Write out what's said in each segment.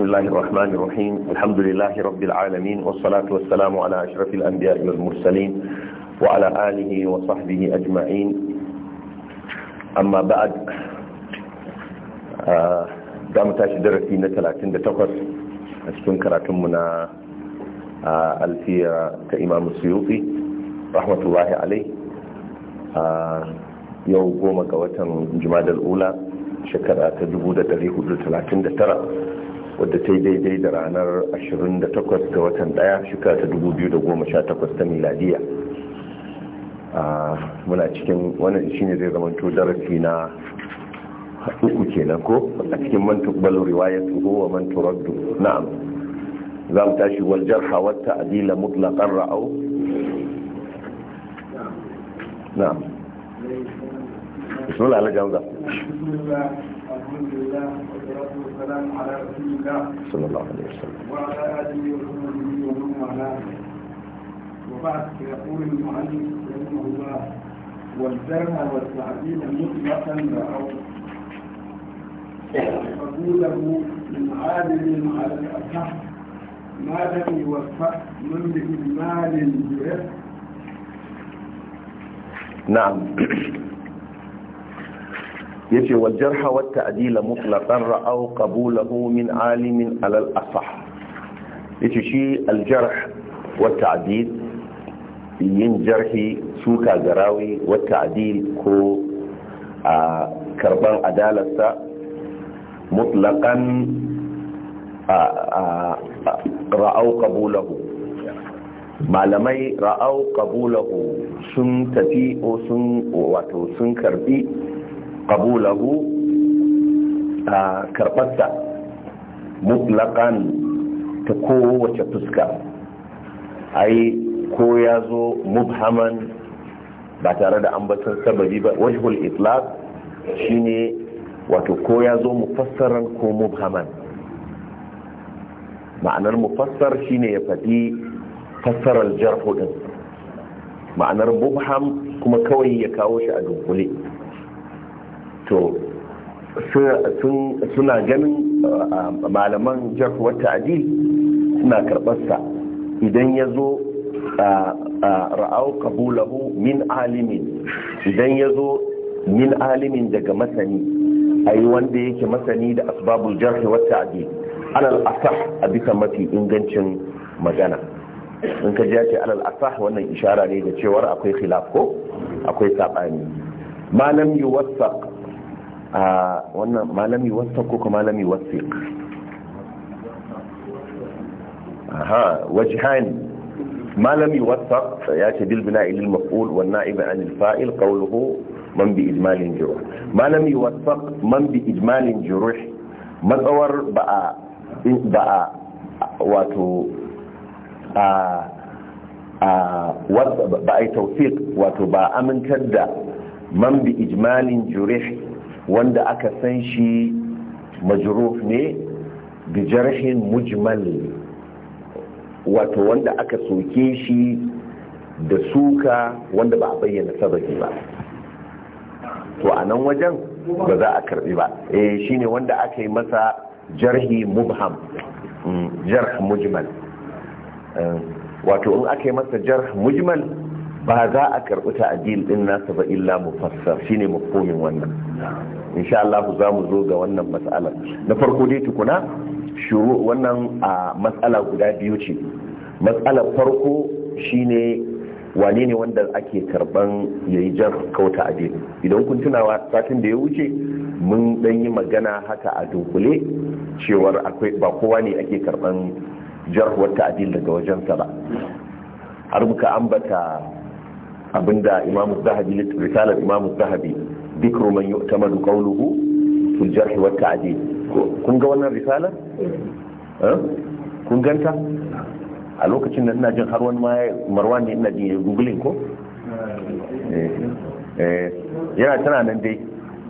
بسم الله الرحمن الرحيم الحمد لله رب العالمين والصلاة والسلام على أشرف الأنبياء والمرسلين وعلى آله وصحبه أجمعين أما بعد دام تاشي درسي نتلاتين دتوقف أشكون كراتمنا ألفية كإمام السيوطي رحمة الله عليه yau goma ga watan jumadar ula shekara ta 1439 wadda ta yi daidai da ranar 28 ga watan daya shekara ta 2018 ta miladiya muna cikin wannan shine zai zama to darasi na uku kenan ko a cikin man tuqbalu ko wa mantu turaddu na'am za mu tashi wal jarha wa ta'dila mutlaqan ra'aw na'am bismillah alhamdulillah والسلام على رسول الله صلى الله عليه وسلم وعلى آله وصحبه ومن والاه وبعد يقول المعلم رحمه الله والجرح والتعديل مطلقا له فقوله من عادل على الأصح ما لم يوفق من بإجمال برفق نعم yace wal jarha wat ta'dil mutlaqan ra'aw qabulahu min alimin ala al asah yace shi al jarh wat ta'dil yin jarhi suka garawi wat ta'dil ko a karban adalarsa mutlaqan ra'au qabulahu malamai ra'au qabulahu sun tafi o sun wato sun karbi qabulahu a karbarsa mutlaqan ta kowace fuska ai ko ya zo mubhaman ba tare da ambatar sababi ba wajhul itlaq shine wato ko ya zo mufassaran ko mubhaman ma'anar mufassar shine ya faɗi fassarar jarhu din ma'anar mubham kuma kawai ya kawo shi a dunkule to suna ganin uh, uh, malaman wata aji suna karbarsa idan ya zo uh, ra'au kabulahu min alimin idan ya zo min alimin daga masani a yi wanda yake masani da asbabul jarhi wata aji alal asah a bisa mafi ingancin magana in ka ce alal asah wannan ishara ne da cewar akwai khilaf ko akwai sabani malam wasa a wannan malami wasa ko kuma malami wasiq aha wajhan malami wasa ya ce bil bina'i lil maf'ul wan na'ib an al fa'il qawluhu man bi ijmalin juruh malami wasa man bi ijmalin juruh matsawar ba a ba a wato a a ba a tawfiq wato ba amintar da man bi ijmalin jurih wanda aka san shi majruf ne bi jarhin mujmal wato wanda aka soke shi da suka wanda ba a bayyana sababi ba to a nan wajen ba za a karbi ba eh shine wanda aka yi masa jarhi mubham mm, jarh mujmal eh, wato in aka yi masa jarh mujmal ba za a karɓi ta'adil din nasa ba illa mufassar shine mafhumin wannan insha Allah za mu zo ga wannan matsalar. na farko dai tukuna shuru wannan a matsala guda biyu ce matsalar farko shine wane ne wanda ake karban yayi jar kauta addini idan kun tunawa satin da ya wuce mun dan yi magana haka a dunkule cewar akwai ba kowa ne ake karban wata ta'adil daga wajensa ba har muka ambata abinda imamu zahabi risalar imamu zahabi dikru man yu'tamadu qawluhu fil jarh wa ta'dil kun ga wannan risalar eh? kun ganta a lokacin da ina jin har wani ma marwan ne ina jin ya googling ko eh, eh, yana tana nan dai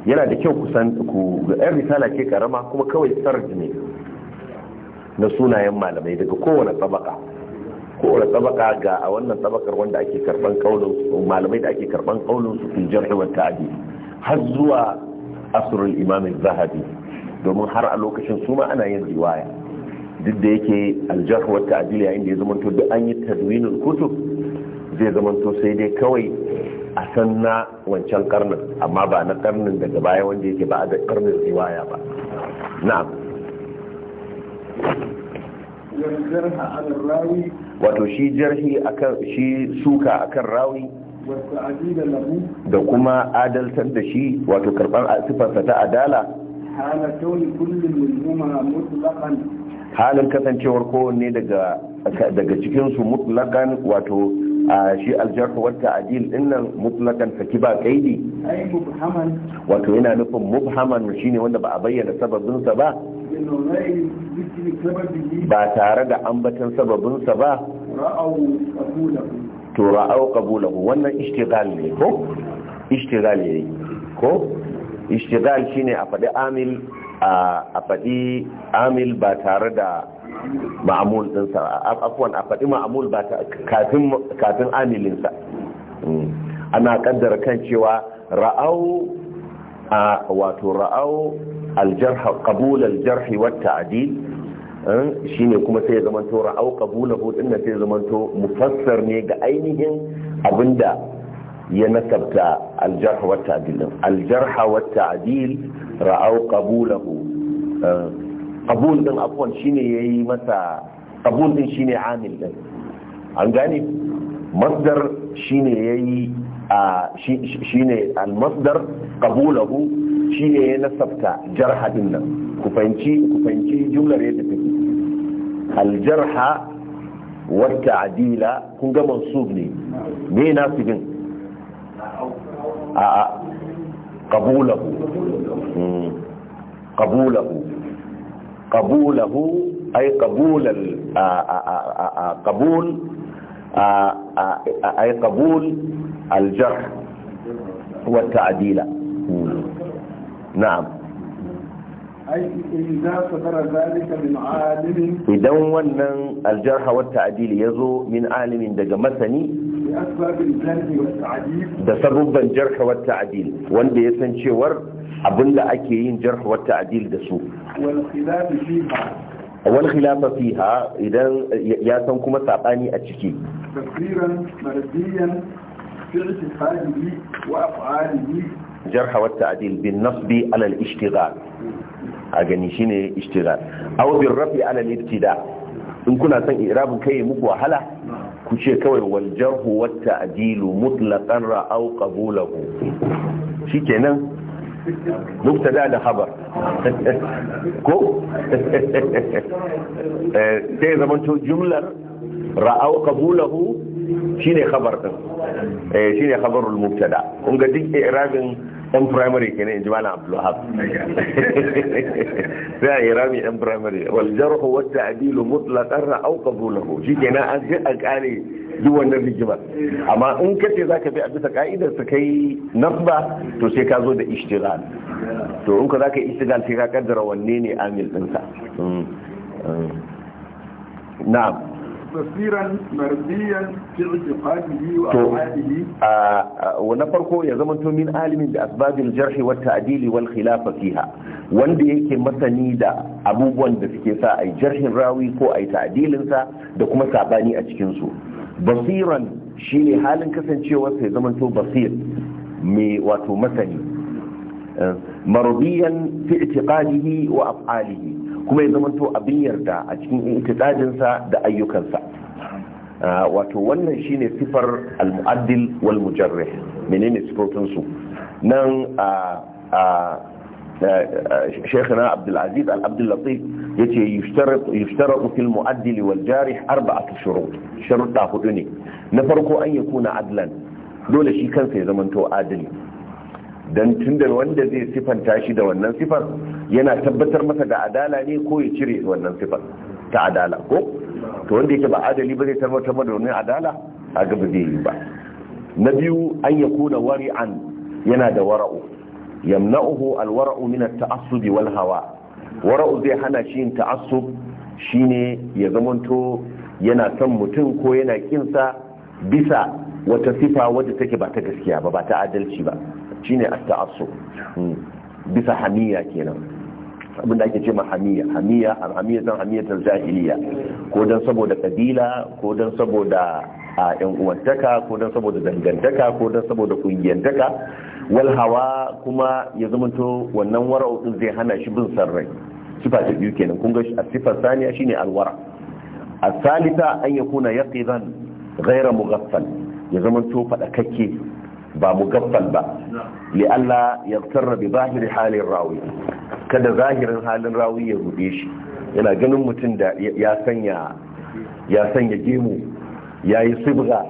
yana da kyau kusan ku ga yan risala ke karama kuma kawai sarji ne na sunayen malamai daga kowane tabaka kowace tabaka ga a wannan tabakar wanda ake karban kaulin su malamai da ake karban kaulin su fi jarh wa ta'adi har zuwa asirin imamin zahabi domin har a lokacin su ma ana yin riwaya duk da yake al-jarh wa yayin da ya to duk an yi tadwinul kutub zai zamanto sai dai kawai a san na wancan karnin amma ba na karnin daga baya wanda yake ba a da karnin riwaya ba na'am wato shi jarhi akan shi suka akan rawi da kuma adaltar da shi wato karban sifarsa ta adala halin kasancewar kowanne daga daga cikinsu mutlakan wato a shi aljarhu wata adil dinnan mutlakan saki ba kaidi wato yana nufin mubhaman shine wanda ba a bayyana sababinsa ba ba tare da ambatan sababinsa ba to ra'au qabulahu wannan ishtigal ne ko ishtigal ne ko ishtigal shine a faɗi amil a faɗi amil ba tare da ma'amul ɗinsa afwan a faɗi ma'amul ba kafin amilinsa hmm. ana kaddara kan cewa ra'au wato ra'au الجرح قبول الجرح والتعديل shine kuma sai ya zamanto ra'au qabulahu din sai ya zamanto mufassar ne ga ainihin abinda ya nasabta aljarh wa ta'dil aljarh wa ta'dil ra'au qabulahu qabul din afwan shine yayi masa qabul din shine amil din an gani masdar shine yayi shi ne almasdar qabulahu shi ne ya nasabta jarhadin nan ku fahimci ku fahimci jumlar yadda take aljarha wa ta'dila kun ga mansub ne me nasibin a a qabulahu qabulahu qabulahu ay qabul al qabul ay qabul aljar wata adila na'am idan wannan aljarha wata adili ya zo min alimin daga masani da sabubban jarha wata adil wanda ya san cewar abinda ake yin jarha wata adil da su wal fiha idan ya san kuma a ciki فرس حاله وأفعاله جرح والتعديل بالنصب على الاشتغال أغني شيني اشتغال أو بالرفع على الابتداء إن كنا سن إعراب كي مكوى هلا كشي كوي والجرح والتعديل مطلقا أو قبوله شي كنا مبتدا da habar ko sai zamanto jumlar ra'au qabulahu shine khabar din eh shine khabarul mubtada kun ga duk irabin dan primary kenan inji malam abdul wahab da irabi dan primary wal jarh wa ta'dil mutlaqan ra'au qabulahu na an ji an kare duk wannan rigima amma in kace zaka bi a bisa ka'idar su kai nasba to sai ka zo da ishtigal to in ka zaka ishtigal sai ka kaddara wanne ne amil din sa mm. Mm. na'am tasiran marbiyan fi i'tiqadihi wa af'alihi wa na farko ya zama to min alimin da asbabil jarh wa ta'dil wal khilaf fiha wanda yake masani da abubuwan da suke sa ai jarhin rawi ko ai ta'dilin sa da kuma sabani a cikin su basiran shine halin kasancewar sai zama to basir mai wato masani marbiyan fi i'tiqadihi wa af'alihi kuma ya to abin yarda a cikin itidajinsa da ayyukansa ah, wato wannan shine sifar al-mu'addil wal mujarrih menene sifofinsu nan a شيخنا عبد العزيز عبد اللطيف يتي يشترط يشترط في المؤدل والجارح أربعة شروط شرط تاخذني نفرق أن يكون عدلا دول شي كان في زمن تو عادل don tunda wanda zai sifanta shi da wannan sifar yana tabbatar masa da adala ne ko ya cire wannan sifar ta adala ko to wanda yake ba adali ba zai tabbatar da wannan adala a gaba zai yi ba na biyu an ya kuna an yana da wara'u yamna'uhu alwara'u min at-ta'assub wal hawa wara'u zai hana shi yin ta'assub shine ya zamanto yana son mutum ko yana kinsa bisa wata sifa wadda take ba ta gaskiya ba ba ta adalci ba shine at-ta'assub hmm. bisa hamiya kenan abin ake ce ma hamiya hamiya hamiya dan ta jahiliya ko dan saboda kabila ko dan saboda a yan uwantaka ko dan saboda dangantaka ko dan saboda kungiyantaka wal kuma ya zamanto wannan wara'u din zai hana shi bin sarrai sifa ta biyu kenan kun ga sifar saniya shine alwara salisa an yakuna yaqidan ghayra mughaffal ya zamanto fadakakke ba mugaffal ba li'alla yaktarra bi zahiri halin rawi kada zahirin halin rawi ya rude shi yana ganin mutum da ya sanya ya sanya gemu ya yi sibga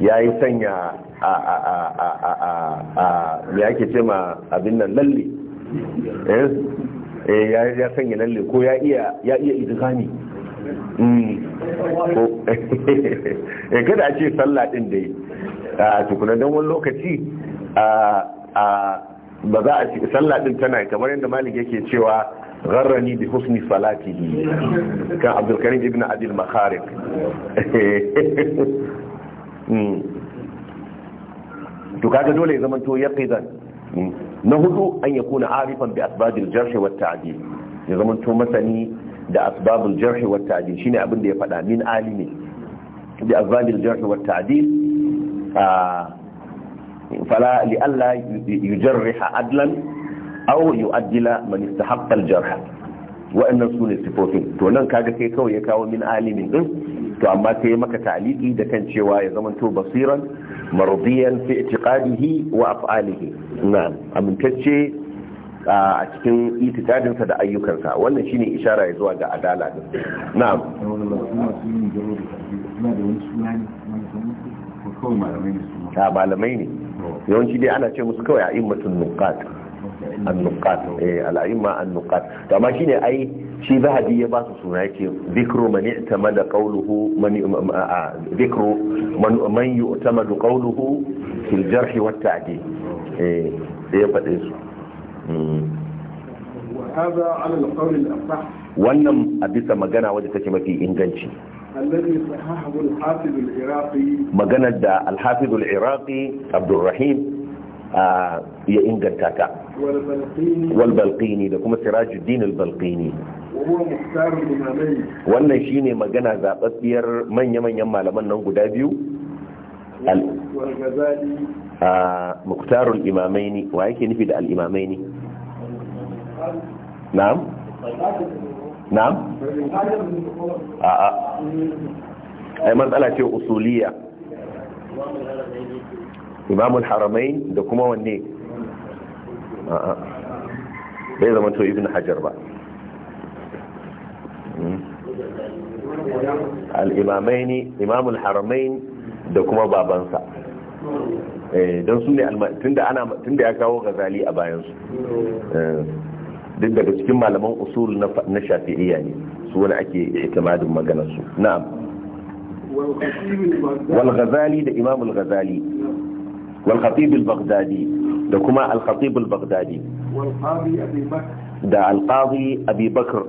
ya yi sanya a a a a a a a me yake ce ma abin nan lalle eh? Eh, ya sanya lalle ko ya iya ya iya hmm. Eh kada a ce sallah din dai. a tukuna don wani lokaci a ba za a ci sallah din tana kamar yadda malik yake cewa gharrani bi husni salatihi kan abdul karim ibn abdul makharik to kaga dole ya zama to yaqidan na hudu an yakuna arifan bi asbabil jarh wa ta'dil ya zama to masani da asbabul jarh wa ta'dil shine abin da ya fada min alimi bi asbabil jarh wa ta'dil فلا لئلا adlan adlan أو يؤدل من استحق الجرح Wa su ne sifofin to nan kaga kai kawai ya kawo min alimin din to amma sai ya maka ta'liqi da kan cewa ya zaman to basiran mardiyan fi i'tiqadihi wa af'alihi na'am amintacce a cikin itikadin sa da ayyukansa wannan shine ishara ya zuwa ga adala din na'am kawai malamai ne ta malamai ne yawanci dai ana ce musu kawai a immatun nukat annukat eh al'imma annukat to amma shine ai shi zahabi ya ba su suna yake zikru man i'tamada qawluhu man zikru man man yu'tamadu qawluhu fil jarh wa ta'dil eh sai ya faɗe su hmm. wannan a bisa magana wadda take mafi inganci maganar da alhafizul iraqi abdulrahim ya inganta ta walbalƙini da kuma sirajuddin albalƙini wannan shine magana zaɓaɓɓiyar manya-manyan malaman nan guda biyu muktarul imamaini wa yake nufi da al'imamaini na'am na'am a'a ai matsala ce usuliya imamul haramai da kuma wanne a'a bai zama to ibn hajar ba hmm. al'imamaini imamul haramain da kuma babansa eh, don su ne tunda ya kawo gazali a bayansu eh. duk daga cikin malaman usul na shafi'iyya ne su wani ake itimadin maganar su na'am wal ghazali da imam al ghazali wal khatib al baghdadi da kuma al khatib al baghdadi da al qadi abi bakr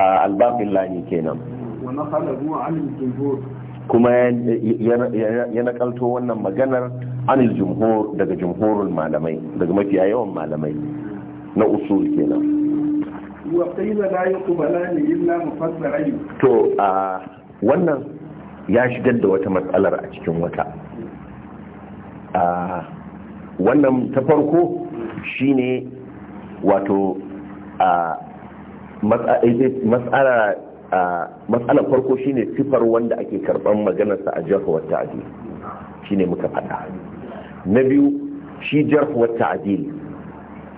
al lani kenan kuma ya nakalto wannan maganar anil jumhur daga jumhurul malamai daga mafiya yawan malamai na usul kenan to a wannan ya shigar da wata matsalar a cikin wata a wannan ta farko shine wato a eh, eh, matsalar farko shine sifar wanda ake karban maganarsa a jarfa wata adil shine muka faɗa na biyu shi jarfa wata adil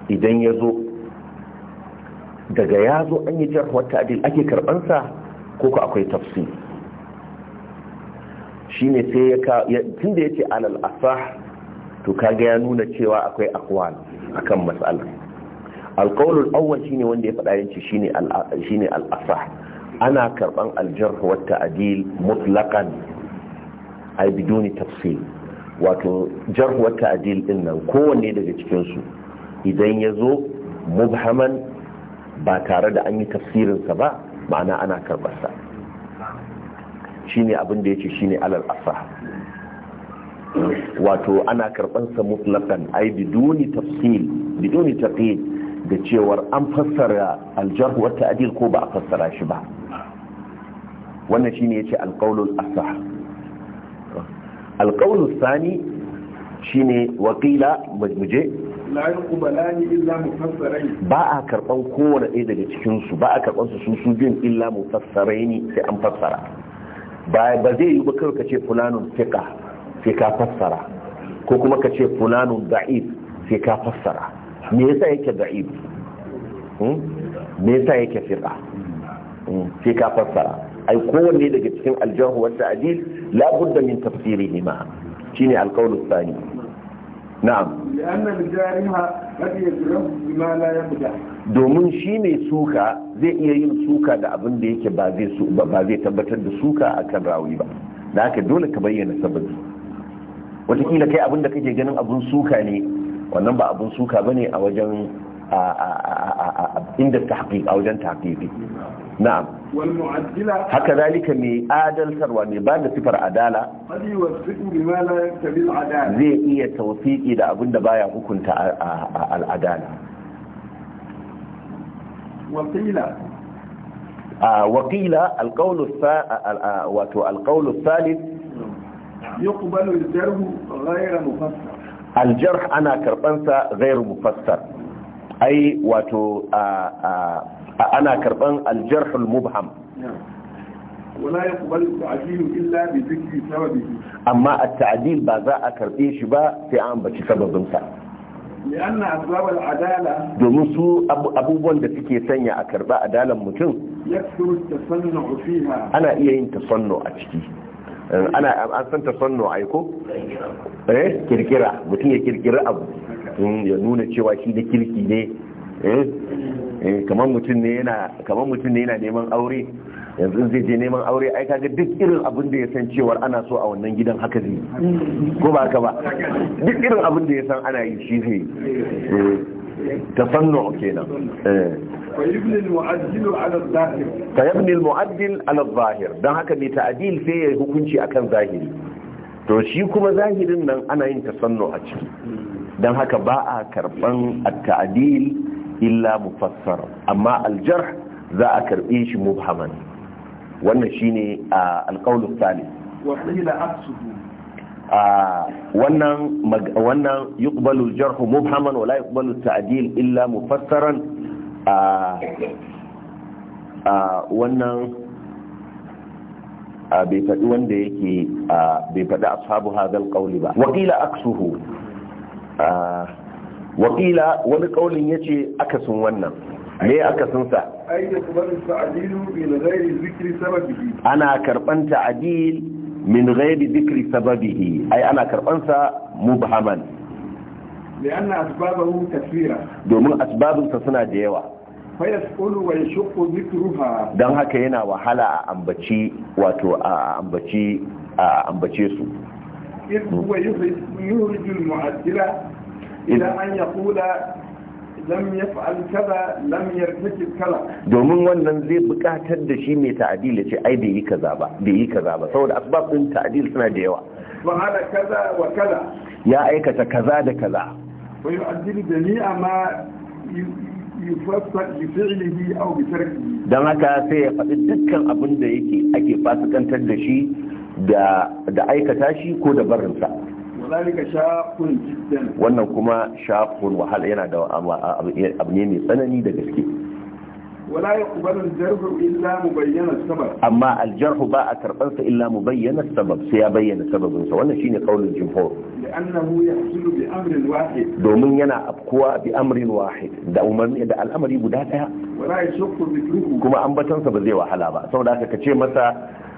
idan ya zo daga ya zo an yi jarhuwar ta'adil ake karbansa ko ka akwai tafsir shi ne sai ya tun da ya ce alal asah to kaga ya nuna cewa akwai akwal akan matsala awon shi ne wanda ya faɗa yanci shi ne al'asa. ana karɓan aljarh wata adil mutlaqan ay biduni tafsir wato jarhuwar wata adil din nan kowanne daga cikinsu. idan ya zo mubhaman ba tare da an yi tafsirinsa ba ma'ana ana karbarsa shi ne abin da ya ce shi ne alal asa wato ana karbansa mutlakan ai biduni tafsil biduni taqid da cewar an fassara aljahu wa ta'dil ko ba a fassara shi ba wannan shine yace alqaulul asah alqaulus sani shine waƙila muje. ba a karban kowane ɗaya daga cikinsu ba a karban su su su biyun illa mufassaraini sai an fassara ba zai yi ba kawai ka ce fulanun fika sai ka fassara ko kuma ka ce fulanun da'if sai ka fassara me yasa yake da'if hmm? me yasa yake fika hmm, sai ka fassara ai kowanne daga cikin aljahu wa ta'dil la budda min tafsirihima shine alqawlu tsani na'am domin shi ne suka zai iya yin suka da abin da yake ba zai tabbatar da suka akan rawi ba da haka dole ka bayyana sabbin wataƙila kai abin da kake ganin abin suka ne wannan ba abin suka ba ne a wajen آه، آه، آه، عند التحقيق او جن تحقيقي نعم والمعدلة هكذلك مي آدل سروا مي بان سفر عدالة قد يوثق بما لا يكتب العدالة زي اي التوثيق اذا اقول دبايا اكنت العدالة وقيلة وقيل القول القول الثالث يقبل الجرح غير مفسر الجرح انا كربنسا غير مفسر ai wato ana karban aljarhul mubham wala yaqbalu ta'dil illa bi dhikri sababihi amma a tadil ba za a karbe shi ba sai an baci sababin sa لأن أسباب العدالة domin su abubuwan da suke sanya a karba adalan mutum yakthuru tasannu fiha ana iya yin tasannu a ciki eh, ana an san tasannu aiko eh kirkira mutum ya kirkira abu ya nuna cewa shi da kirki ne eh, eh, kamar mutum ne yana neman aure yanzu zai je neman aure ai kaga duk irin abin da ya san cewar ana so a wannan gidan haka zai ko ba haka ba duk irin abin da ya san ana yi shi zai eh, ta kenan فيبني المعدل على yi فيبني المعدل على zahir. Don haka mai ta'adil sai ya yi hukunci akan zahiri to shi kuma zahirin nan ana yin ta sannu a ciki don haka ba a karban at-ta'dil illa mufassar amma al za a karbe shi mubhaman wannan shine al-qawl al-thalith wa wannan wannan yuqbalu al-jarh mubhaman wa la yuqbalu at-ta'dil illa mufassaran wannan bai faɗi wanda yake bai faɗi ashabu hadal qawli ba Wakila qila aksuhu wakila wani kaulin ya ce akasin wannan me akasin sa ana karban ta'adil min ghairi zikri sababihi ai ana karban sa mubhaman لأن أسبابه كثيرة domin asbabinsa suna da yawa don haka yana wahala a ambaci wato a ambaci su إذ هو يخرج المعدلة إلى أن يقول domin wannan zai bukatar da shi mai ta'adil ya ce ai bai yi kaza ba bai yi kaza ba saboda asbabun ta'adil suna da yawa ya aikata kaza da kaza wa yu'addilu jami'a ma don haka sai ya faɗi dukkan abin da yake ake fasikantar da shi da aikata shi ko da barinsa wannan kuma shafin wahala yana da abu ne mai tsanani da gaske amma aljarhu ba a karbansa illa mu bayyana sabab sai ya bayyana sababinsa wannan shi ne kaunin jimfor domin yana afkuwa bi amrin wahid da umarni da al'amari guda daya kuma ambatansa ba zai wahala ba saboda ka ce masa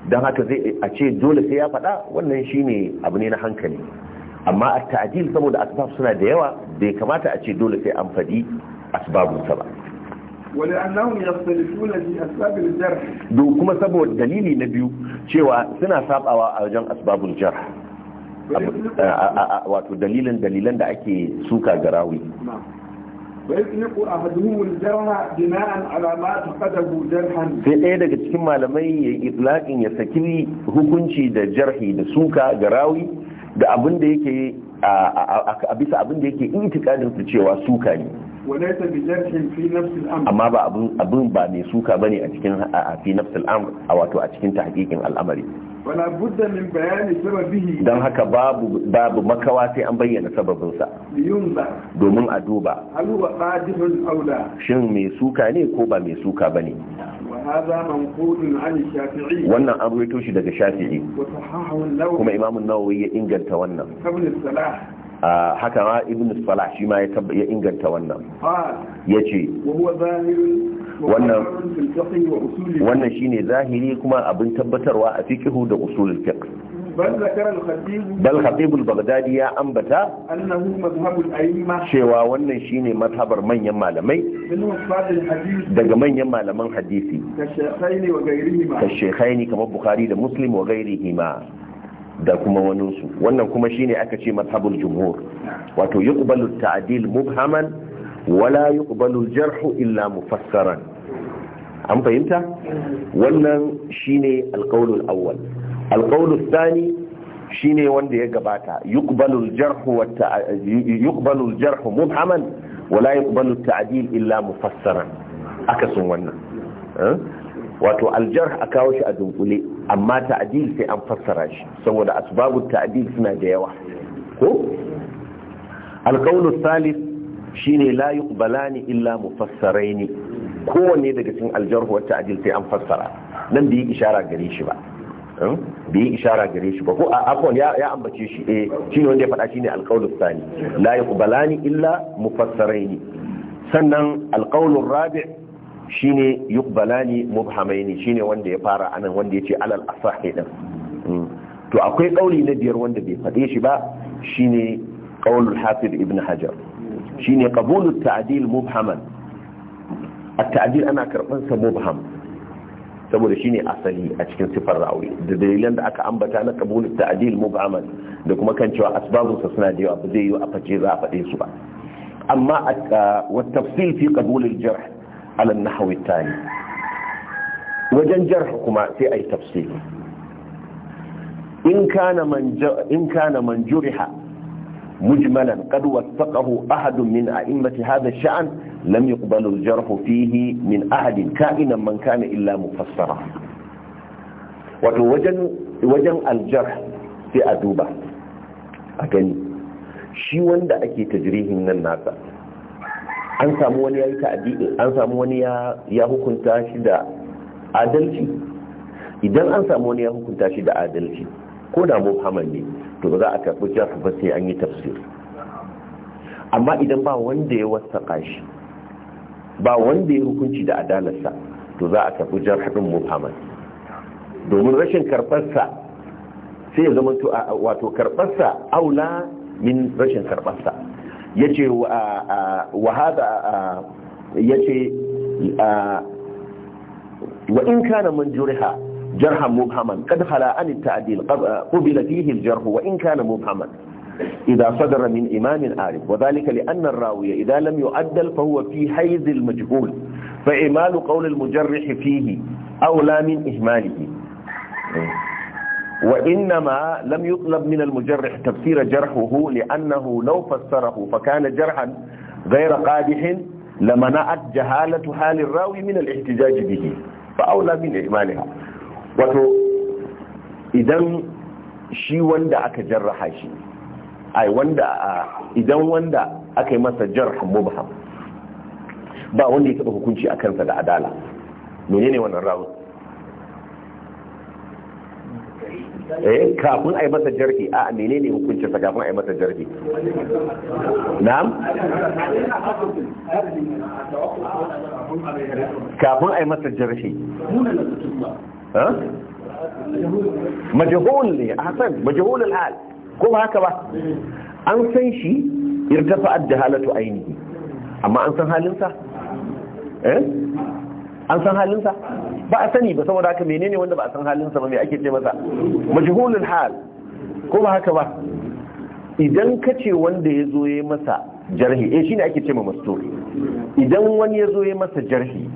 don haka zai a ce dole sai ya faɗa wannan shi ne abu ne na hankali amma a ta'ajil saboda asbab suna da yawa bai kamata a ce dole sai an faɗi asbabunsa ba kuma يختلفون في أسباب الجرح دو كما سبب الدليل نبيو شوى سنة سابقة وأجان أسباب الجرح wato dalilan dalilan da ake suka ga rawi أحدهم ɗaya daga cikin malamai ya itlaƙin ya saki hukunci da jarhi da suka ga rawi da abin da yake a bisa abin da yake itikadin su cewa suka ne amma ba abin abin ba mai suka bane a cikin a fi nafsil amr a wato a cikin tahqiqin al'amari wala budda min bayani sababihi dan haka babu babu makawa sai an bayyana sababin sa domin a duba hal huwa qadihun aula shin mai suka ne ko ba mai suka bane wannan an ruwaito shi daga shafi'i kuma imamun nawawi ya inganta wannan Salah. haka ma ibn salah shi ma ya inganta wannan ya ce wannan shi ne zahiri kuma abin tabbatarwa a fikihu da usulul fiqh bal khatib al-baghdadi ya ambata annahu madhhab al-a'imma cewa wannan shine mazhabar manyan malamai daga manyan malaman hadisi ka shaykhaini wa ghayrihima ka shaykhaini kamar bukhari da muslim wa ghayrihima da kuma waninsu wannan kuma shine aka ce mazhabul jumhur wato yuqbalu ta'dil mubhaman wala yuqbalu jarhu illa mufassaran an fahimta wannan shine alqaulul awwal alqaulul thani shine wanda ya gabata yuqbalu jarhu wa yuqbalu jarhu mubhaman wala yuqbalu ta'dil illa mufassaran akasin wannan eh? wato aljar a kawo shi a dunkule amma ta'adil sai an fassara shi saboda asbabun ta'adil suna da yawa ko alƙaunin salis shine la yuqbalani illa mufassaraini kowanne daga cikin aljarh wa ta'adil sai an fassara nan bai ishara gare shi ba hmm? bai ishara gare shi ba ko afwan ya ya ambace shi eh shine wanda ya faɗa shine alqaulus sani la yuqbalani illa mufassaraini sannan alqaulur rabi' shine yuqbalani mubhamaini shine wanda ya fara anan wanda yace alal asahi din hmm. to akwai kauli na biyar wanda bai fade shi ba shine qaulul hafiz ibn hajar shine qabulut ta'dil mubhaman at-ta'dil ana karban sa mubham saboda shine asali a cikin sifar ra'awi da dalilan da aka ambata na qabulut ta'dil mubhaman da kuma kan cewa asbabun sa suna da yawa ba zai yi a face za a fade su ba amma at-tafsil uh, fi qabulil jarh على النحو التالي وجن جرح في أي تفصيل إن كان من, إن كان من جرح مجملا قد وثقه أحد من أئمة هذا الشأن لم يقبل الجرح فيه من أحد كائنا من كان إلا مفسرا وجن, وجن الجرح في أدوبة أكن شي wanda أكي تجريه من الناس an samu wani ya yi ta'addi an samu wani ya hukunta shi da adalci idan an samu wani ya hukunta shi da adalci ko da muhammad ne to ba za a karɓi jafi ba sai an yi tafsir amma idan ba wanda ya wasaƙa shi ba wanda ya hukunci da adalarsa to za a karɓi haɗin muhammad domin rashin karɓarsa sai ya zama wato karɓarsa aula min rashin karɓarsa yace wa hada yace wa in kana man juriha jarha mubhaman kad khala an tadil qubila fihi al-jarh wa in kana mubhaman إذا صدر من إمام عارف وذلك لأن الراوية إذا لم يؤدل فهو في حيز المجهول فإمال قول fihi aw la min ihmalihi وإنما لم يطلب من المجرح تفسير جرحه لأنه لو فسره فكان جرحا غير قادح لمنعت جهالة حال الراوي من الاحتجاج به فأولى من إعمالها wato idan shi wanda aka jarraha shi idan wanda aka yi masa jarh mubham ba wanda ya taɓa hukunci a kansa da adala menene eh kafin a yi masa jarki a menene hukuncinsa kafin a yi masa jarki na'am kafin a yi masa jarki majahul ne a hasan majahul al'ad ko ba haka ba an san shi irtafa'ad da halatu ainihi amma an san halinsa eh an san halinsa ba a sani ba saboda haka menene wanda ba a san halinsa ba me ake ce masa majhulul hal ko ba haka ba idan ka ce wanda ya zo ya masa jarhi eh shine ake ce ma mastur idan wani ya zo ya masa jarhi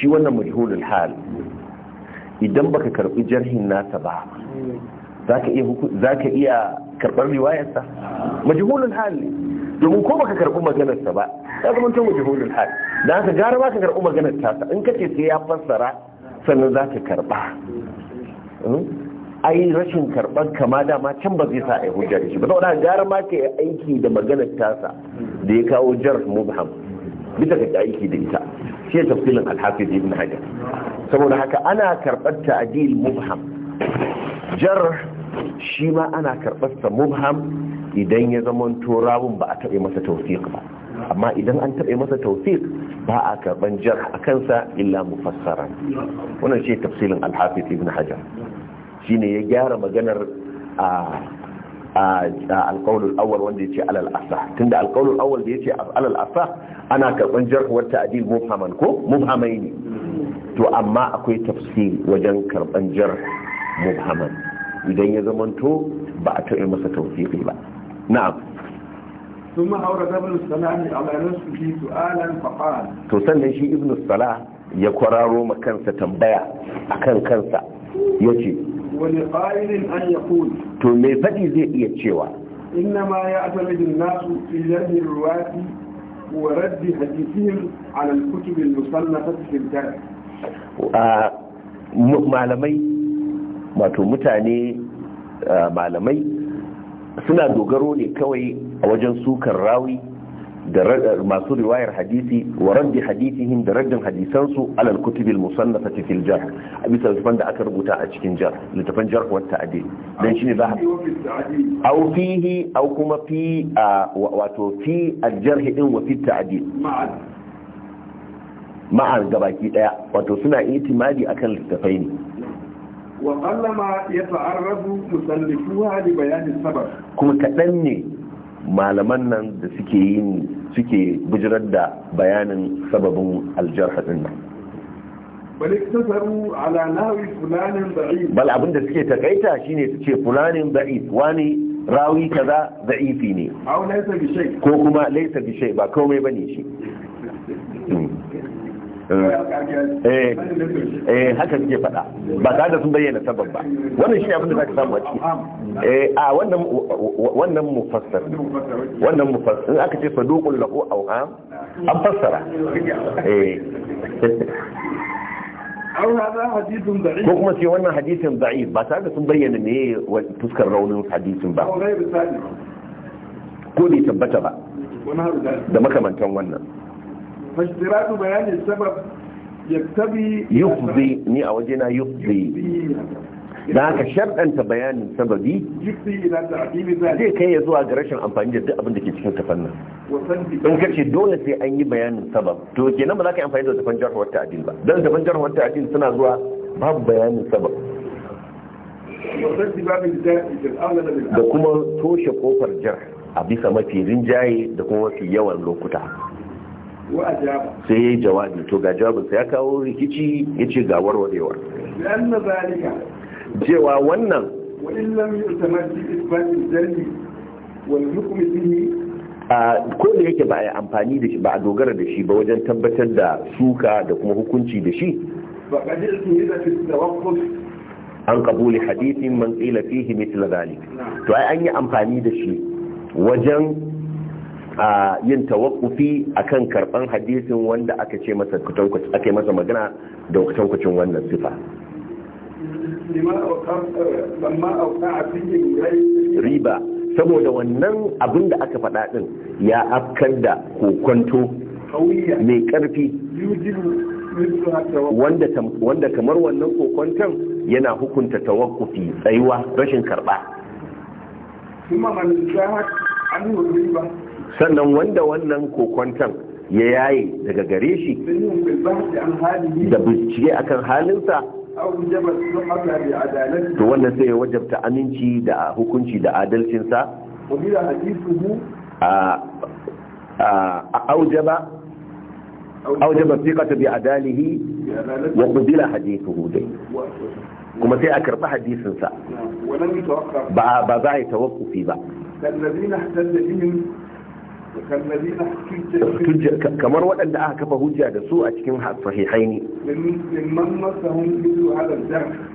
shi wannan majhulul hal idan baka karbi jarhin nasa ba zaka iya zaka iya karbar riwayarsa majhulul hal domin ko baka karbi maganarsa ba ya zama to majhulul hal dan haka gara ba ka karbi maganar tasa in kace sai ya fassara sannan za ta karba hmm? ai rashin karɓar kama dama can ba zai sa a hujjar shi ba saboda gara ma ka yi aiki da maganar tasa da ya kawo jar mubham bisa ka aiki da ita shi tafsirin alhafiz ibn hajar saboda haka ana karɓar ta'dil mubham jar shi ma ana karɓar sa mubham idan ya zama to rawun ba a taɓa masa tawfiq ba amma idan an taɓa masa tausir ba a karɓan jar a kansa illa mu fassara. wannan shi tafsirin alhafiz ibn hajar ne ya gyara maganar a alƙawar awal wanda ya ce alal asa tunda alƙawar awal da ya ce alal asa ana karɓan jar wata adil mubhaman ko mubhamai ne to amma akwai tafsir wajen karɓan jar mubhaman idan ya zamanto ba a taɓa masa tawfiqi ba na'am ثم أورد ابن السلام على نفسه سؤالا فقال تسنى شيء ابن السلام يقرارو مكانسة تنبيع أكان كانسة يجي ولقائل أن يقول تنبي فدي زي يتشيوا إنما يعتمد الناس في جرح الرواة ورد حديثهم على الكتب المصنفة في الجرح malamai wato mutane malamai suna dogaro ne kawai a wajen sukar rawi da masu riwayar hadisi wa raddi hadisihim da raddin hadisansu alal kutubil musannafati fil jarh a bisa littafan da aka rubuta a cikin jarh littafan jarh wa ta'dil dan shine za au fihi au kuma fi wato fi al jarh din wa fi ta'dil ma'an gabaki daya wato suna itimadi akan littafai ne wa qallama yata'arrabu musannifuha li bayan sabab kuma kadan ne malaman nan da suke yin suke bijirar da bayanin sababin aljarha din nan bal abin da suke takaita shine su ce fulanin da'if wani rawi kaza da'ifi ne ko kuma laisa bishai ba komai bane shi hmm. Eh, eh haka suke faɗa ba tare da sun bayyana sabab ba wannan shi abin da ka samu a ciki eh, a wannan mu mufassar wannan mufassar in aka ce saduqul lahu awham an fassara eh. ko kuma ce wannan hadisin za'i ba tare da sun bayyana ne fuskar raunin hadisin ba ko bai tabbata ba da makamantan wannan fashtiratu bayani sabab yaktabi yufzi ni a waje na yufzi da haka sharɗanta bayanin sababi zai kai ya zuwa ga rashin amfani da duk abin da ke cikin tafannin in kace dole sai an yi bayanin sabab to kenan ba za ka yi amfani da tafan jarhuwar ta'adil ba don tafan jarhuwar ta'adil suna zuwa babu bayanin sabab da kuma toshe kofar jar a bisa mafi rinjaye da kuma mafi yawan lokuta sai ya yi jawabi to ga jawabinsa ya kawo rikici ya ce ga warwarewa cewa wannan a yake ba a yi amfani da shi ba a dogara da shi ba wajen tabbatar da suka da kuma hukunci da shi an kabuli hadithin man tsila fihi mitla zalik to ai an yi amfani da shi wajen a yin tawakkufi kan karɓar hadisin wanda aka ce masa kutankwacin aka masa magana da kutankwacin wannan sifa riba saboda wannan abin da aka faɗa ɗin ya afkar da kokonto mai ƙarfi wanda kamar wannan kokonton yana hukunta tawakkufi tsayuwa rashin karɓa. Kuma man an riba sannan wanda wannan kokwantan ya yaye daga gare shi da bincike akan halinsa to wannan sai ya wajabta aminci da hukunci da adalcinsa a aujaba aujaba fiqata bi adalihi wa qudila hadithuhu hudai kuma sai a karɓi hadisinsa ba za a yi tawakufi ba kamar waɗanda aka kafa hujja da su a cikin sahihaini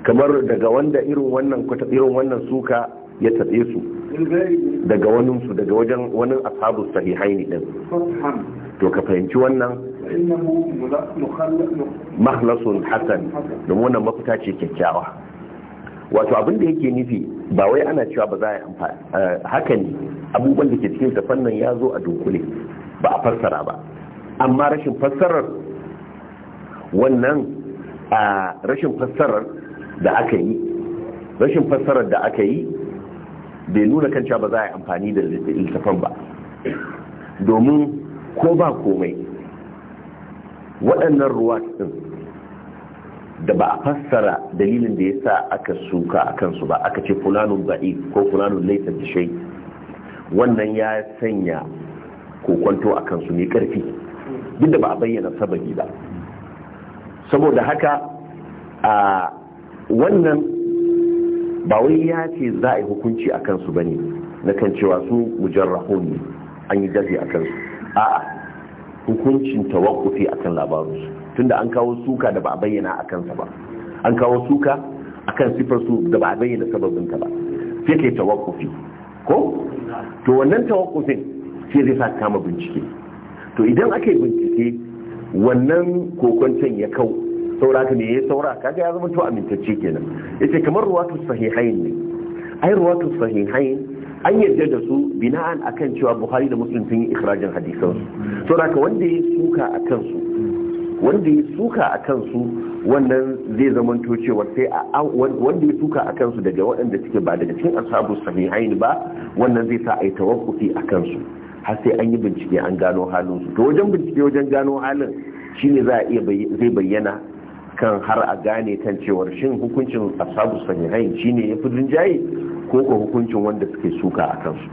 kamar daga wanda irin wannan irin wannan suka ya tatse su daga wani su daga wajen wani ashabu sahihaini din to ka fahimci wannan mahlasun hasan domin wannan mafita ce kyakkyawa wato abin da yake nufi ba wai ana cewa ba za a yi amfani eh, haka ne abubuwan da ke cikin tafan nan ya zo a dunkule ba a fassara ba amma rashin fassarar wannan a rashin fassarar da aka yi rashin fassarar da aka yi bai nuna kan cewa ba za a yi amfani da littafan ba domin ko ba komai waɗannan ruwa ɗin da ba a fassara dalilin da ya sa aka suka a kansu ba aka ce fulanun ba'i ko fulanun laifin da shai wannan ya sanya kokonto a kansu ne karfi duk da ba a bayyana sababi ba saboda haka a wannan ba wai ya ce za a yi hukunci a kansu ba ne na kan cewa su mujarraho ne an yi gazi a kansu a'a hukuncin a kan labarinsu tunda an kawo suka da ba a bayyana a kansa ba an kawo suka a kan su da ba a bayyana sababinta ba sai ke tawakkufi ko to wannan tawakkufin sai zai sa kama bincike to idan aka yi bincike wannan kokonton ya kau saura ka ne ya saura kaga ya zama to amintacce kenan yace kamar ruwatu sahihain ne ai ruwatu sahihain an yarda da su bina'an akan cewa buhari da muslim sun yi ikhrajin hadisan su ka wanda ya suka akan su wanda ya suka a kansu wannan zai zama cewa sai wanda ya suka a kansu daga waɗanda suke ba daga cikin ashabu sahihain ba wannan zai sa a yi tawakkufi a kansu har sai an yi bincike an gano halin su to wajen bincike wajen gano halin shine za a iya zai bayyana kan har a gane kan cewar shin hukuncin ashabu sahihain shine ya fi rinjaye ko ko hukuncin wanda suke suka a kansu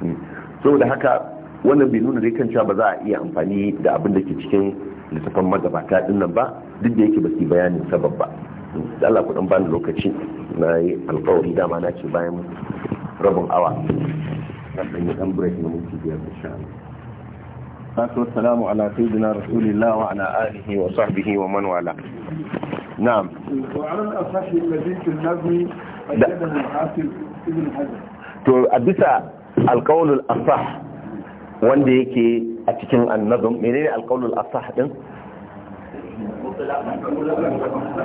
hmm. saboda haka wannan bai nuna dai kan cewa ba za a iya amfani da abin da ke cikin littafin magabata din nan ba duk da yake ba su bayanin sabab ba da Allah ku dan bani lokaci na yi alƙawari dama na ce bayan rabin awa dan yi dan break na minti biyar insha Allah salatu wassalamu ala sayyidina rasulillah wa ala alihi wa sahbihi wa man wala na'am wa ala al-asahi alladhi fi an-nazmi ibn hajar to a bisa alqawl al-asah wanda yake a cikin annabin menene alqaulul asah din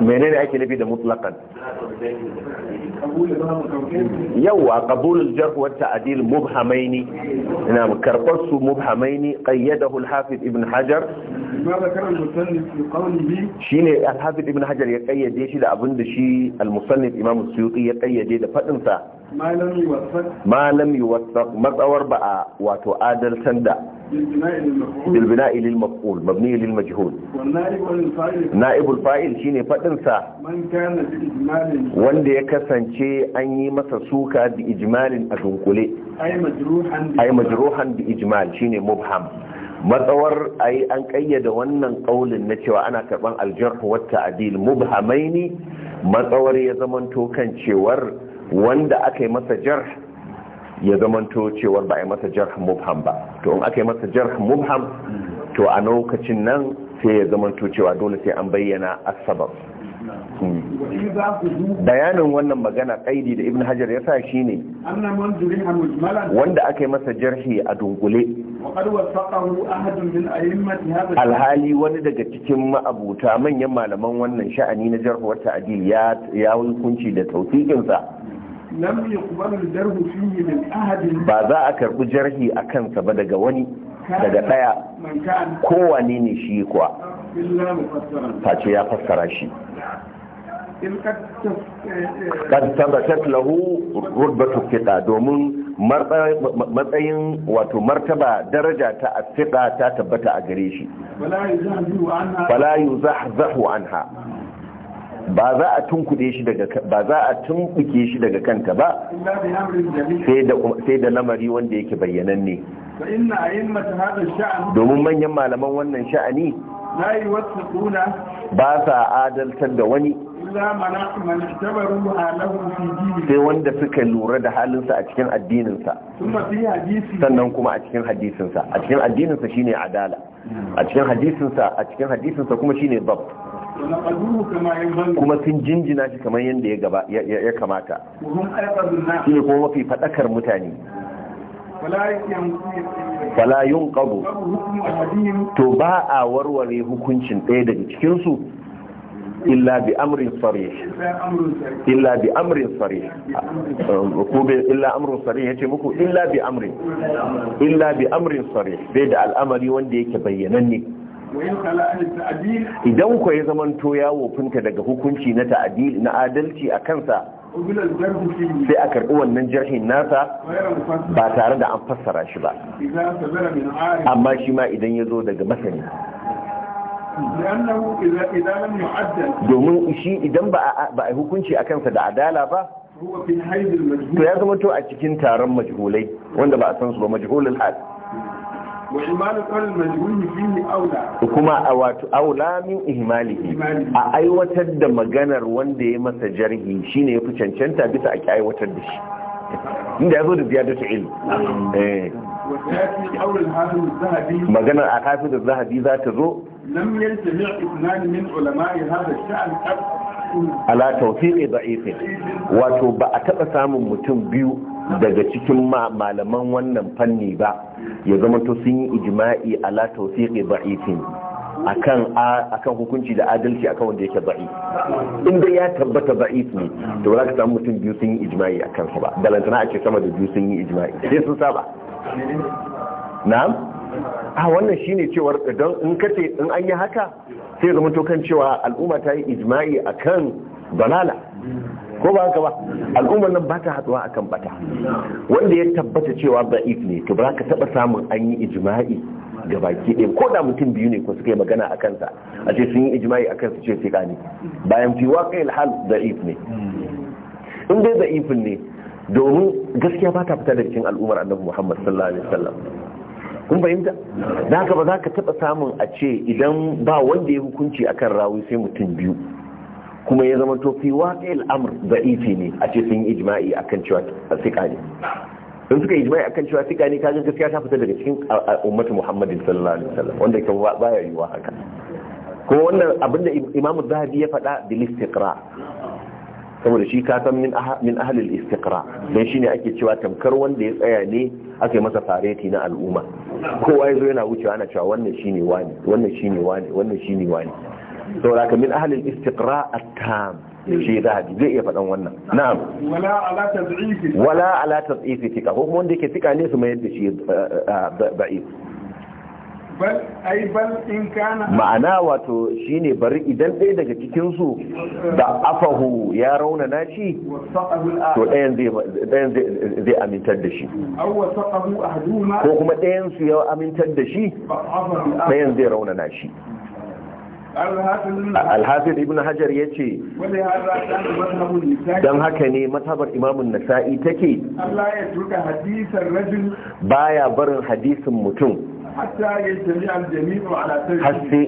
menene ake nufi da mutlaqan yawa qabulul jarh wa ta'dil mubhamaini ina karbar su mubhamaini qayyadahu al-hafiz ibn hajar shine al-hafiz ibn hajar ya kayyade shi da abinda shi al-musannif imam suyuti ya kayyade da fadin sa ma lam yuwaffaq matsawar ba wato adalcin da بالبناء للمفعول مبني للمجهول نائب الفاعل فدن سا من كان باجمال وند يكسانشي ان يي مسا سوكا باجمال ادنقلي اي مجروحا اي مجروحا باجمال شيني مبهم matsawar ai an kayyada wannan kaulin na cewa ana karban aljarh wa ta'dil mubhamaini matsawar ya zamanto kan cewar wanda aka yi masa jarh ya zamanto cewar ba a yi masa jarh mubham ba to in aka yi masa jarh mubham to a lokacin nan sai ya zamanto cewa dole sai an bayyana asbab hmm. bayanin wannan magana kaidi da ibn hajar ya sa shi ne wanda aka yi masa jarhi a dunkule alhali wani daga cikin ma'abuta manyan malaman wannan sha'ani na jarhuwar ta'adil ya yi hukunci da tausikinsa lam yuqbalu fihi min ahadin ba za a karbi jarhi a kansa ba daga wani daga daya kowane ne shi kuwa face ya fassara shi kan eh, tabbatar lahu rutbatu fiqa domin matsayin wato martaba daraja ta fiqa ta tabbata a gare shi fala yuzahzahu anha ba za a tunkuɗe shi daga ba za a shi daga kanta ba sai da lamari wanda yake bayyananne domin manyan malaman wannan sha'ani ba sa adaltar da wani sai wanda suka lura da halinsa a cikin addininsa sannan kuma a cikin hadisinsa a cikin addininsa shine adala a cikin hadisinsa a cikin hadisinsa kuma shine babu kuma sun jinjina shi kamar yadda ya kamata shi ne kuma mafi faɗakar mutane falayun yun to ba a warware hukuncin ɗaya daga cikinsu illa bi amrin sarih illa bi amrin sare. ko bi illa amrun sarih yace muku illa bi amrin illa bi amrin sarih bai da al'amari wanda yake ne idan ku ya zamanto ya wofinta daga hukunci na ta'adil na adalci a kansa sai a karɓi wannan jarhin nasa ba tare da an fassara shi ba amma shi ma idan ya zo daga masani domin shi idan ba a hukunci a kansa da adala ba to ya zama to a cikin taron majhulai wanda ba a san su ba majhulul hal kuma a wato aula min ihmalihi a aiwatar da maganar wanda ya masa jarhi shine ya fi cancanta bisa a aiwatar da shi inda ya zo da ta ilmi eh. maganar a kafin da zahabi za ta zo lam yaltami ithnan min ala tawfiqi da'if wato ba a taba samun mutum biyu daga cikin malaman wannan fanni ba ya zama to sun yi ijma'i ala tawfiqi da'ifin akan akan hukunci da adalci akan wanda yake ba'i inda ya tabbata ba'i ne to za ka samu mutum biyu sun yi ijma'i akan sa ba dalantana a ce sama da biyu sun yi ijma'i sai sun saba na'am a ah, wannan shine cewar don in kace in an yi haka sai zama to kan cewa al'umma ta yi ijma'i akan balala ko ba haka ba al'ummar nan ba ta haduwa akan bata wanda ya tabbata cewa da'if ne to ba ka taba samun an yi ijma'i ga baki ɗaya ko da mutum biyu ne ko suka yi magana a kansa a ce sun yi ijma'i a kansa ce sai ne bayan fi waƙa hal da'if ne in dai da'ifin ne domin gaskiya ba ta fita da cikin al'ummar annabi muhammad sallallahu alaihi wasallam kun fahimta da haka ba za ka taba samun a ce idan ba wanda ya hukunci akan rawi sai mutum biyu kuma ya zama tofi waƙil da za'ifi ne a ce sun yi ijma'i akan cewa fiƙa ne don suka ijma'i kan cewa fiƙa ne kajin gaskiya ta fita daga cikin ummatu muhammadin sallallahu alaihi wasallam wanda kan baya yiwa haka kuma wannan abinda imamu zahabi ya faɗa bil istiqra saboda shi ka san min ahlil istiqra dan shine ake cewa tamkar wanda ya tsaya ne aka yi masa fareti na al'umma kowa ya zo yana wucewa ana cewa wannan shine wani wannan shine wani wannan shine wani saboda ka min ahalin istiqra at-tam shi zahabi zai iya faɗan wannan na'am wala ala tad'ifi tika ko kuma wanda yake tika ne su mayar da shi da'if eh, eh, bal ai bal in kana ma'ana wato shine bari idan ɗaya daga cikin su da afahu ya rauna na shi to ɗayan zai ɗayan zai amintar da shi ko kuma ɗayan su ya amintar da shi ɗayan zai rauna na shi Alhafin ibn hajar ya ce don haka ne matabar imamun nasa'i take baya barin hadisin mutum har sai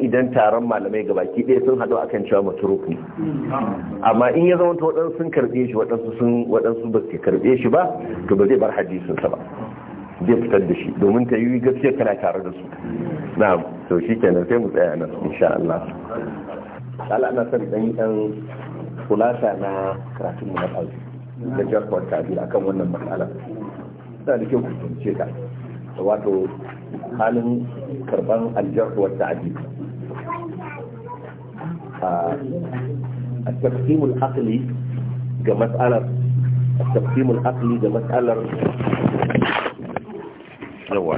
idan taron malamai gabaki ɗaya sun haɗu akan cewa maturuk amma in ya zama waɗansu sun karɓe shi waɗansu ba su karɓe shi ba to ba zai bar hadisinsa ba zai fitar da shi domin ta yi gaskiya tana tare da su na to shi ke nan sai mu tsaya nan insha Allah Allah ana san dan dan kulasa na karatun mu na ɗauki da jarfar tabi akan wannan matsala da da ke kusance ta wato halin karban aljarhuwar ta'adi a tafsimul aqli ga matsalar tafsimul aqli ga matsalar yawa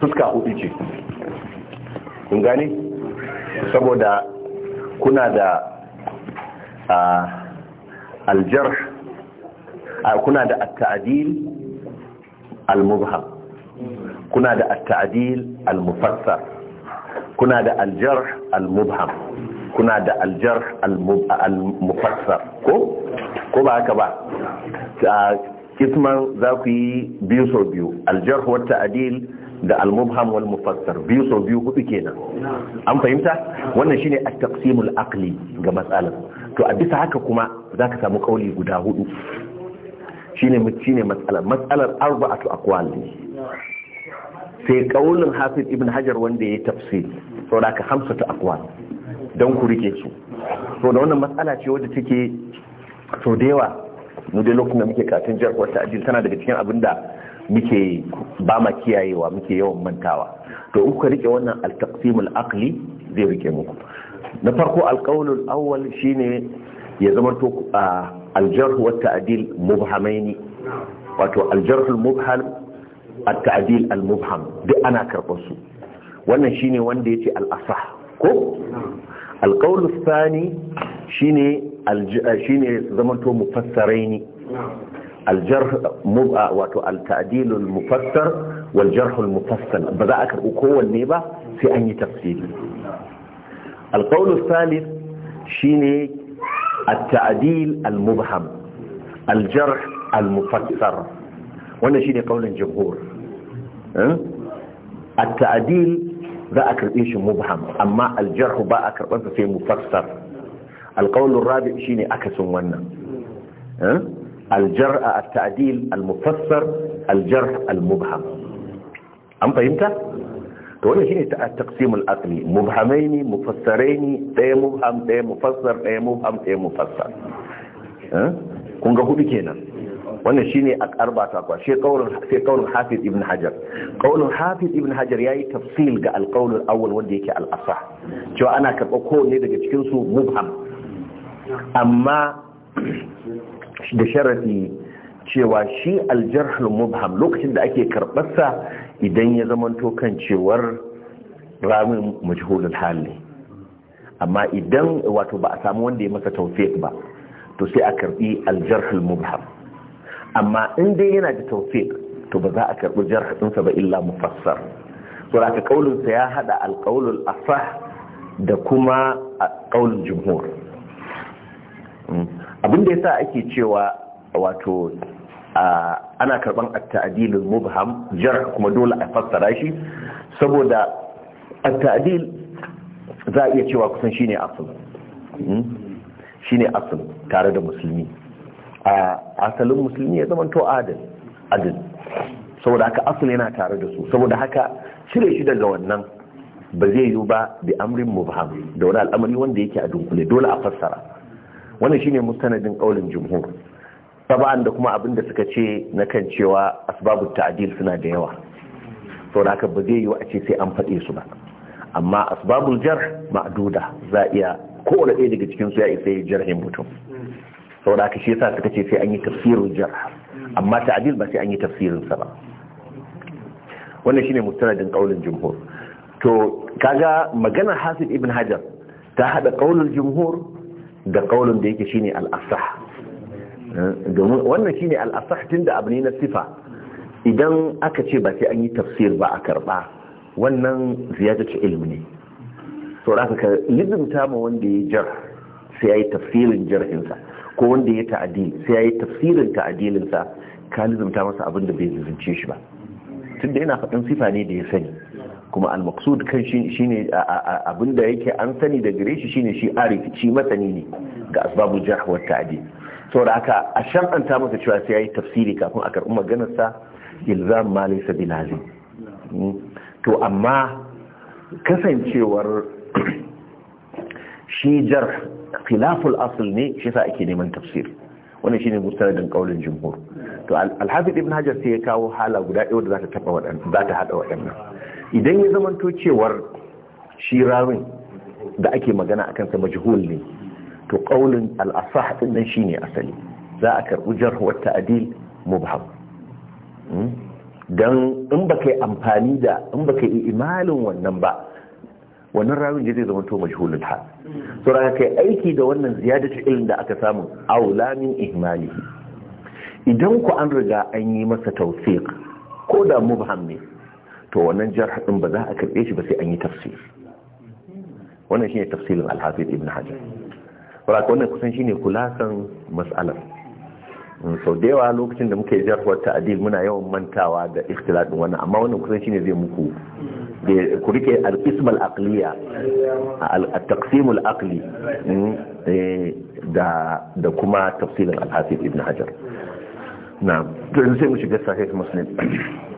fuska hudu ce kun gane saboda kuna da aljar kuna da ta'adil al-mubham kuna da ta'adil al-mufassar kuna da aljar al-mubham kuna da aljar al-mufassar ko ko ba haka ba isman za ku yi biyu sau biyu aljarh wa da al-mubham wal mufassar biyu sau biyu hudu kenan an fahimta wannan shine a taqsimul aqli ga matsalar to a bisa haka kuma zaka samu kauli guda hudu shine shine matsalar matsalar arba'atu aqwal ne sai kaulin hafiz ibn hajar wanda ya tafsir da ka hamsatu aqwal dan ku rike su to da wannan matsala ce wadda take so da yawa mu dai lokacin da muke karatun jarhuwar ta'adil tana daga cikin abin da muke ba ma kiyayewa muke yawan mantawa to in rike wannan al-taqsimul aqli zai rike muku na farko al-qawlul awwal shine ya zama to al-jarh wa ta'dil mubhamaini wato al-jarh al-mubham at-ta'dil al-mubham duk ana karɓar su wannan shine wanda yace al-asah ko القول الثاني شيني الج... آه، شيني زمنتو مفسرين الجرح مبقى آه، واتو التعديل المفسر والجرح المفسر بدا اكر اكو النيبة في اي تفسير القول الثالث شيني التعديل المبهم الجرح المفسر وانا شيني قول الجمهور أه؟ التعديل za a karɓe shi mubham amma aljarhu ba a karɓar sa sai mufassar alqaulur rabi shine akasin wannan eh? aljar at-ta'dil almufassar mufassar aljarh an fahimta to wannan shine ta taqsim al-aqli mubhamaini mufassaraini ɗaya mubham ɗaya mufassar ɗaya mubham ɗaya mufassar eh? kun ga hudu kenan wannan shine a karba ta kwa shi hafiz ibn hajar kaulin hafiz ibn hajar ya yi tafsil ga alqaulul awwal wanda yake al-asah cewa ana ko ne daga cikin su mubham amma da sharafi cewa shi aljarhul mubham lokacin da ake karbarsa idan ya zamanto kan cewar ramin majhulul hali amma idan wato ba a samu wanda ya masa tawfiq ba to sai a karbi aljarhul mubham amma in dai yana da tawfiq to ba za a karɓi jarh ba illa mufassar saboda ka kaulinsa ya hada alqaulul asah da kuma qaulul jumhur mm. abin da yasa ake cewa wato ana karban at mubham jarh kuma dole a fassara shi saboda at za a iya cewa kusan shine asin, mm. shine asal tare da musulmi a asalin musulmi ya zama to adil saboda haka asali yana tare da su saboda haka cire shi daga wannan ba zai yiwu ba bi amrin mubham da wani al'amari wanda yake a dunkule dole a fassara wannan shine mustanadin kaulin jumhur sab'an da kuma abin da suka ce na kan cewa asbabu ta'dil suna da yawa saboda haka ba zai yiwu a ce sai an faɗe su ba amma asbabul jarh ma'duda za iya wani ɗaya daga cikin su ya isa jarhin mutum saboda aka shi yasa suka ce sai an yi tafsirin jarha, amma ta'dil ba sai an yi tafsirin sa ba wannan shine mustaradin kaulin jumhur to kaga magana Hasib ibn Hajar ta hada kaulin jumhur da kaulin da yake shine al-asah domin wannan shine al-asah tunda abu ne na sifa idan aka ce ba sai an yi tafsir ba a karba wannan ziyadatu ilmi ne so da ka lizimta ma wanda ya jar sai ya yi tafsirin jarhinsa ko wanda ya ta'adil sai ya yi tafsirin ta'adilinsa ka lizumta masa abin da bai zuzunce shi ba tun da yana faɗin sifa ne da ya sani kuma al-maqsud kan shi ne abin da yake an sani da gare shi shine shi arifi shi matsani ne ga asbabu jarh wa ta'dil saboda haka a shar'anta masa cewa sai ya yi tafsiri kafin a karɓi maganarsa sa ilzam ma laysa bilazim hmm. to amma kasancewar shi jarh khilaful asl ne shi yasa ake neman tafsir wannan shine mustaradin kaulin jumhur to al ibn hajar sai ya kawo hala guda ɗaya wanda za ta taba waɗannan za ta hada waɗannan idan ya zamanto cewar shi rawin da ake magana akan sa majhul ne to kaulin al-asah din nan shine asali za a karɓi jarh wa ta'dil mubham hmm? dan in baka yi amfani da in baka yi imalin wannan ba wannan rawin da zai zama to majhulun hal to raka kai aiki da wannan ziyadatu irin da aka samu aula min idan ku an riga an yi masa tawfiq ko da mubham ne to wannan jarh din ba za a karbe shi ba sai an yi tafsir wannan shine tafsirin al-hafiz ibn hajar kai wannan kusan shine kulasan mas'alar Mm, sau da yawa lokacin da muke jarhuwar ta'adil muna yawan mantawa da ikhtilafin wannan amma wannan kusan shine zai muku ku rike al-ism al-aqliya al-taqsim al-aqli mm, eh, da da kuma tafsirin al-hafiz ibn hajar Na sai mu shiga sahih muslim